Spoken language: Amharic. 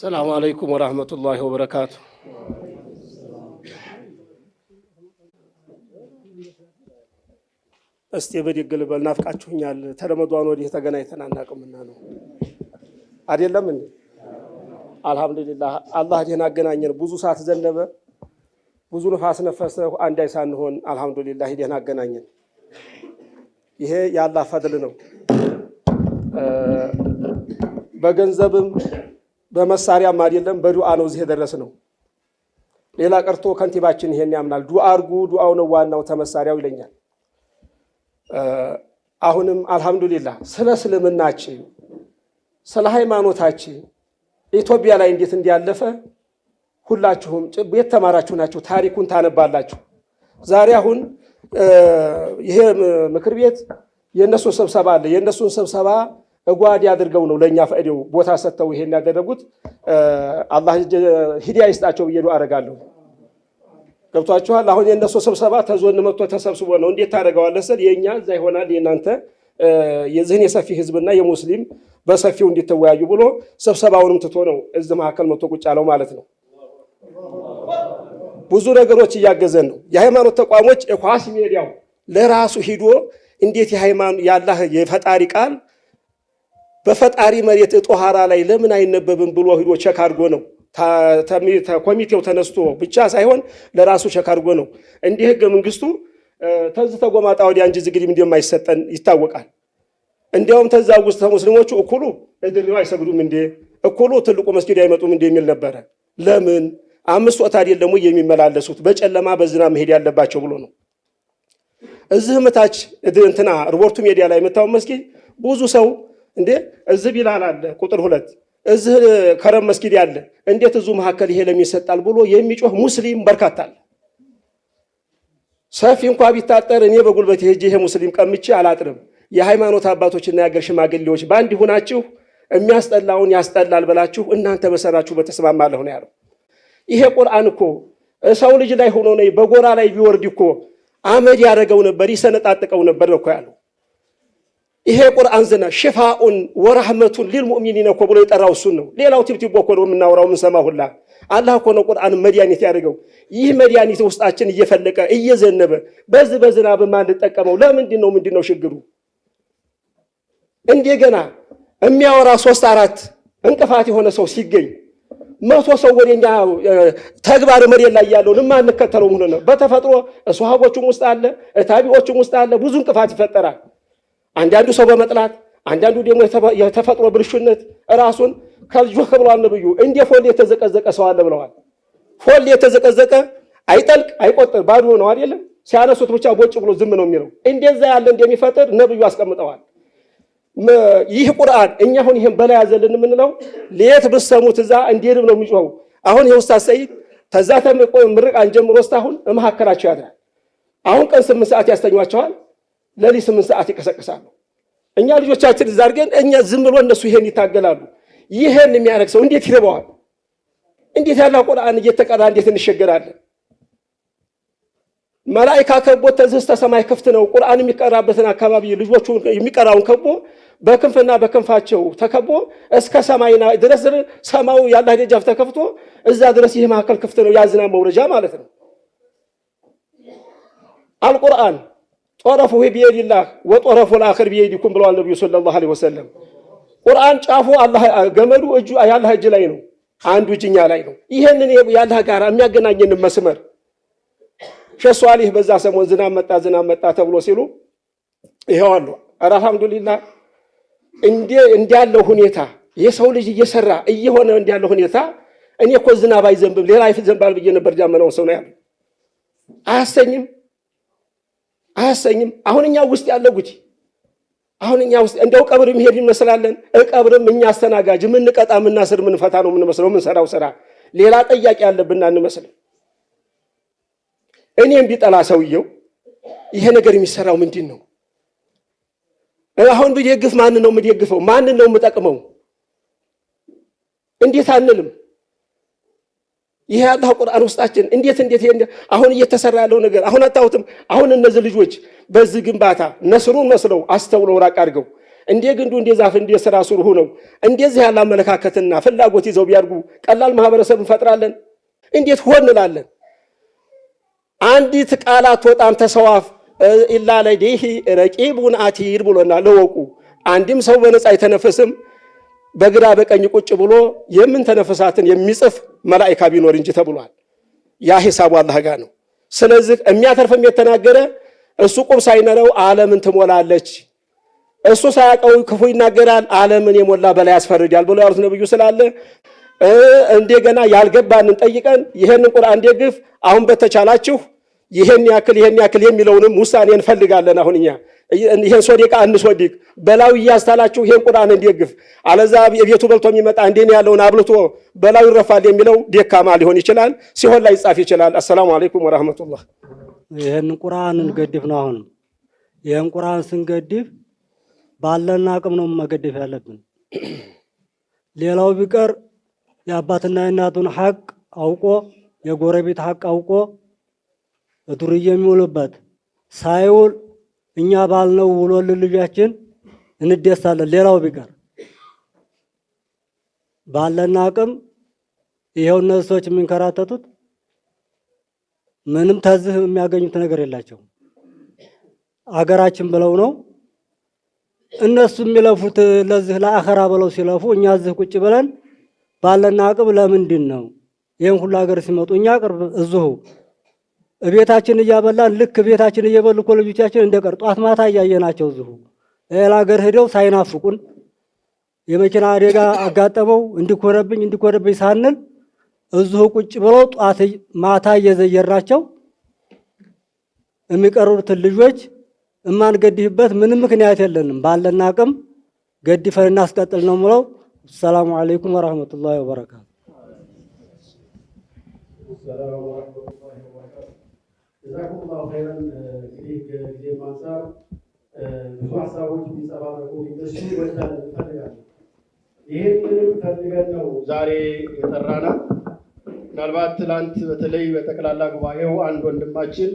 ሰላሙ አለይኩም ወራህመቱላሂ ወበረካቱ። እስቲ ብድግ ልበል፣ ናፍቃችሁኛል። ተረመዷን ወዲህ ተገናኝተን አናውቅምና ነው አይደለም እንዴ? አልሐምዱሊላህ አላህ ደህና አገናኘን። ብዙ ሰዓት ዘነበ፣ ብዙ ንፋስ ነፈሰ፣ አንዳይ ሳንሆን አልሐምዱሊላህ ደህና አገናኘን። ይሄ የአላህ ፈድል ነው። በገንዘብም በመሳሪያም አይደለም በዱዓ ነው እዚህ የደረስ ነው። ሌላ ቀርቶ ከንቲባችን ይሄን ያምናል። ዱዓ አርጉ፣ ዱዓው ነው ዋናው ተመሳሪያው ይለኛል። አሁንም አልሐምዱሊላህ ስለ እስልምናችን ስለ ሃይማኖታችን ኢትዮጵያ ላይ እንዴት እንዲያለፈ ሁላችሁም ቤት ተማራችሁ ናችሁ፣ ታሪኩን ታነባላችሁ። ዛሬ አሁን ይሄ ምክር ቤት የእነሱን ስብሰባ አለ የእነሱን ስብሰባ እጓድ አድርገው ነው ለእኛ ፈእዴው ቦታ ሰጥተው ይሄን ያደረጉት። አላህ ሂዳያ ይስጣቸው ብዬ ዱዓ አደርጋለሁ። ገብቷችኋል። አሁን የእነሱ ስብሰባ ተዞን መጥቶ ተሰብስቦ ነው እንዴት ታደርገዋለህ ስል የእኛ እዛ ይሆናል የእናንተ የዚህን የሰፊ ህዝብና የሙስሊም በሰፊው እንዲተወያዩ ብሎ ስብሰባውንም ትቶ ነው እዚ መካከል መጥቶ ቁጭ ያለው ማለት ነው። ብዙ ነገሮች እያገዘን ነው። የሃይማኖት ተቋሞች ኳስ ሜዲያው ለራሱ ሂዶ እንዴት ያላህ የፈጣሪ ቃል በፈጣሪ መሬት እጦሃራ ላይ ለምን አይነበብም ብሎ ሂዶ ቸክ አድርጎ ነው ኮሚቴው ተነስቶ ብቻ ሳይሆን ለራሱ ቸክ አድርጎ ነው። እንዲህ ህገ መንግስቱ ተዝ ተጎማጣ ወዲያ እንጂ ዝግድም እንደማይሰጠን ይታወቃል። እንዲያውም ተዛ ውስጥ ተሙስሊሞቹ እኩሉ እድሪው አይሰግዱም እንዴ እኩሉ ትልቁ መስጊድ አይመጡም እንዴ የሚል ነበረ። ለምን አምስት ወቅት አይደለም የሚመላለሱት በጨለማ በዝና መሄድ ያለባቸው ብሎ ነው። እዚህ ምታች እንትና ሪፖርቱ ሜዲያ ላይ የምታውን መስጊድ ብዙ ሰው እንዴ እዚህ ቢላል አለ ቁጥር ሁለት እዚህ ከረም መስጊድ ያለ እንዴት እዙ መካከል ይሄ ለም ይሰጣል ብሎ የሚጮህ ሙስሊም በርካታል። ሰፊ እንኳ ቢታጠር እኔ በጉልበት ሄጄ ይሄ ሙስሊም ቀምቼ አላጥርም። የሃይማኖት አባቶችና የአገር ሽማግሌዎች በአንድ ሁናችሁ የሚያስጠላውን ያስጠላል ብላችሁ እናንተ በሰራችሁ በተስማማለሁ ነው ያለው። ይሄ ቁርአን እኮ ሰው ልጅ ላይ ሆኖ ነ በጎራ ላይ ቢወርድ እኮ አመድ ያደረገው ነበር፣ ይሰነጣጥቀው ነበር እኮ ያለው ይሄ ቁርአን ዝና ሽፋኡን ወራህመቱን ሊልሙእሚኒን እኮ ብሎ የጠራው እሱን ነው። ሌላው ቲብቲቦ እኮ ነው የምናወራው የምንሰማ ሁላ። አላህ እኮ ነው ቁርአን መድኃኒት ያደርገው። ይህ መድኃኒት ውስጣችን እየፈለቀ እየዘነበ በዚህ በዝናብ ማንጠቀመው ለምንድን ነው? ምንድን ነው ችግሩ? እንደገና የሚያወራ ሶስት አራት እንቅፋት የሆነ ሰው ሲገኝ መቶ ሰው ወደ ተግባር መሬት ላይ ያለውን የማንከተለው መሆኑ ነው። በተፈጥሮ ሶሃቦቹም ውስጥ አለ፣ ታቢዎቹም ውስጥ አለ። ብዙ እንቅፋት ይፈጠራል። አንዳንዱ ሰው በመጥላት አንዳንዱ ደግሞ የተፈጥሮ ብልሹነት ራሱን ከልጆ ከብሏል ነብዩ። እንደ ፎሌ የተዘቀዘቀ ሰው አለ ብለዋል። ፎሌ የተዘቀዘቀ አይጠልቅ አይቆጥር ባዶ ነው አይደለም። ሲያነሱት ብቻ ቦጭ ብሎ ዝም ነው የሚለው። እንደዛ ያለ እንደሚፈጥር ነብዩ አስቀምጠዋል። ይህ ቁርአን እኛ አሁን ይህን በላይ ያዘልን የምንለው ሌት ብሰሙት እዛ እንዲሄድም ነው የሚጮው። አሁን የውስታ ሰይድ ተዛ ምርቃን ጀምሮ እስካሁን መካከላቸው ያድራል። አሁን ቀን ስምንት ሰዓት ያስተኟቸዋል። ለሊት ስምንት ሰዓት ይቀሰቅሳሉ። እኛ ልጆቻችን እዛ አድርገን እኛ ዝም ብሎ እነሱ ይሄን ይታገላሉ። ይሄን የሚያደርግ ሰው እንዴት ይርበዋል? እንዴት ያለ ቁርአን እየተቀራ እንዴት እንሸገራለን? መላኢካ ከቦ ተዝህስተ ሰማይ ክፍት ነው። ቁርአን የሚቀራበትን አካባቢ ልጆቹ የሚቀራውን ከቦ በክንፍና በክንፋቸው ተከቦ እስከ ሰማይ ድረስ ሰማዩ ያለ ደጃፍ ተከፍቶ እዛ ድረስ ይህ መካከል ክፍት ነው። ያዝና መውረጃ ማለት ነው አልቁርአን ጦረፉ ቢየዲላህ ወጦረፉ ልአክር ቢየዲኩም ብለዋል ነቢዩ ሰለላሁ ዐለይሂ ወሰለም። ቁርአን ጫፉ ገመዱ እጁ ያላህ እጅ ላይ ነው፣ አንዱ እጅኛ ላይ ነው። ይህንን ያላህ ጋር የሚያገናኝን መስመር ሸህ ሷሊህ በዛ ሰሞን ዝናብ መጣ ዝናብ መጣ ተብሎ ሲሉ ይሄው አሉ። ኧረ አልሐምዱሊላህ እንዲያለው ሁኔታ የሰው ልጅ እየሰራ እየሆነ እንዲያለው ሁኔታ እኔ እኮ ዝናብ አይዘንብም ሌላ ዘንባል ብዬ ነበር ዳመናውን ሰው ነው ያሉ አያሰኝም አያሰኝም። አሁን እኛ ውስጥ ያለ ጉዲ አሁን እኛ ውስጥ እንደው ቀብር የሚሄድ እንመስላለን። እቀብርም እኛ አስተናጋጅ የምንቀጣ የምናስር የምንፈታ ነው የምንመስለው። የምንሰራው ስራ ሌላ ጠያቂ ያለብን አንመስልም። እኔም ቢጠላ ሰውየው ይሄ ነገር የሚሰራው ምንድን ነው? አሁን ብደግፍ ማን ነው የምደግፈው? ማን ነው የምጠቅመው? እንዴት አንልም። ይሄ አላህ ቁርአን ውስጣችን እንዴት እንዴት ይሄ አሁን እየተሰራ ያለው ነገር አሁን አታውትም። አሁን እነዚህ ልጆች በዚህ ግንባታ ነስሩን መስለው አስተውለው ራቅ አድርገው እንዴ ግንዱ እንዴ ዛፍ እንዴ ስራ ስር ሆነው እንደዚህ ያለ አመለካከትና ፍላጎት ይዘው ቢያድጉ ቀላል ማህበረሰብ እንፈጥራለን። እንዴት ሆንላለን? እንላለን። አንዲት ቃላት ወጣም ተሰዋፍ ኢላ ለዲሂ ረቂቡን አቲር ብሎና ለወቁ አንድም ሰው በነፃ አይተነፈስም። በግራ በቀኝ ቁጭ ብሎ የምንተነፍሳትን የሚጽፍ መላኢካ ቢኖር እንጂ ተብሏል። ያ ሂሳቡ አላህ ጋር ነው። ስለዚህ የሚያተርፍም የተናገረ እሱ ቁም ሳይነረው ዓለምን ትሞላለች። እሱ ሳያውቀው ክፉ ይናገራል፣ ዓለምን የሞላ በላይ ያስፈርዳል ብሎ ያሉት ነብዩ ስላለ እንደገና ያልገባንን ጠይቀን ይህንን ቁርአን ደግፍ አሁን በተቻላችሁ ይሄን ያክል ይሄን ያክል የሚለውንም ውሳኔ እንፈልጋለን። አሁን እኛ ይሄን ሶዲቃ እንሶዲቅ በላዩ እያስታላችሁ ይሄን ቁርአን እንዲግፍ አለዛ የቤቱ በልቶ የሚመጣ እንዴን ያለውን አብልቶ በላዩ ይረፋል የሚለው ደካማ ሊሆን ይችላል፣ ሲሆን ላይ ይጻፍ ይችላል። አሰላሙ አለይኩም ወራህመቱላህ። ይሄን ቁርአን እንገድፍ ነው። አሁንም ይሄን ቁርአን ስንገድፍ ባለና አቅም ነው መገደፍ ያለብን። ሌላው ቢቀር የአባትና የእናቱን ሀቅ አውቆ የጎረቤት ሀቅ አውቆ ዱርዬ የሚውልበት ሳይውል እኛ ባልነው ውሎልን ልጃችን እንደሳለን። ሌላው ቢቀር ባለን አቅም ይኸው እነዚህ ሰዎች የሚንከራተቱት ምንም ተዝህ የሚያገኙት ነገር የላቸው አገራችን ብለው ነው እነሱ የሚለፉት ለዚህ ለአኸራ ብለው ሲለፉ፣ እኛ እዚህ ቁጭ ብለን ባለን አቅም ለምንድን ነው ይህን ሁሉ ሀገር ሲመጡ እኛ ቅርብ እዚሁ ቤታችን እያበላን ልክ ቤታችን እየበሉ እኮ ልጆቻችን እንደቀር ጧት ማታ እያየናቸው እዚሁ ሌላ ሀገር ሄደው ሳይናፍቁን የመኪና አደጋ አጋጠመው እንዲኮረብኝ እንዲኮረብኝ ሳንል እዚሁ ቁጭ ብለው ጧት ማታ እየዘየርናቸው የሚቀሩትን ልጆች እማንገድህበት ምንም ምክንያት የለንም። ባለን አቅም ገድፈን እናስቀጥል ነው ምለው። ሰላሙ አለይኩም ወረህመቱላሂ ወበረካቱ። ጀዛኩሙላሁ ኸይረን። እንግዲህ ጊዜ አንጻር ብዙ ሀሳቦች የሚንጸባረቁ ሊነሱ ይወዳል እንፈልጋለን። ይህንንም ፈልገን ነው ዛሬ የጠራነው። ምናልባት ትናንት በተለይ በጠቅላላ ጉባኤው አንድ ወንድማችን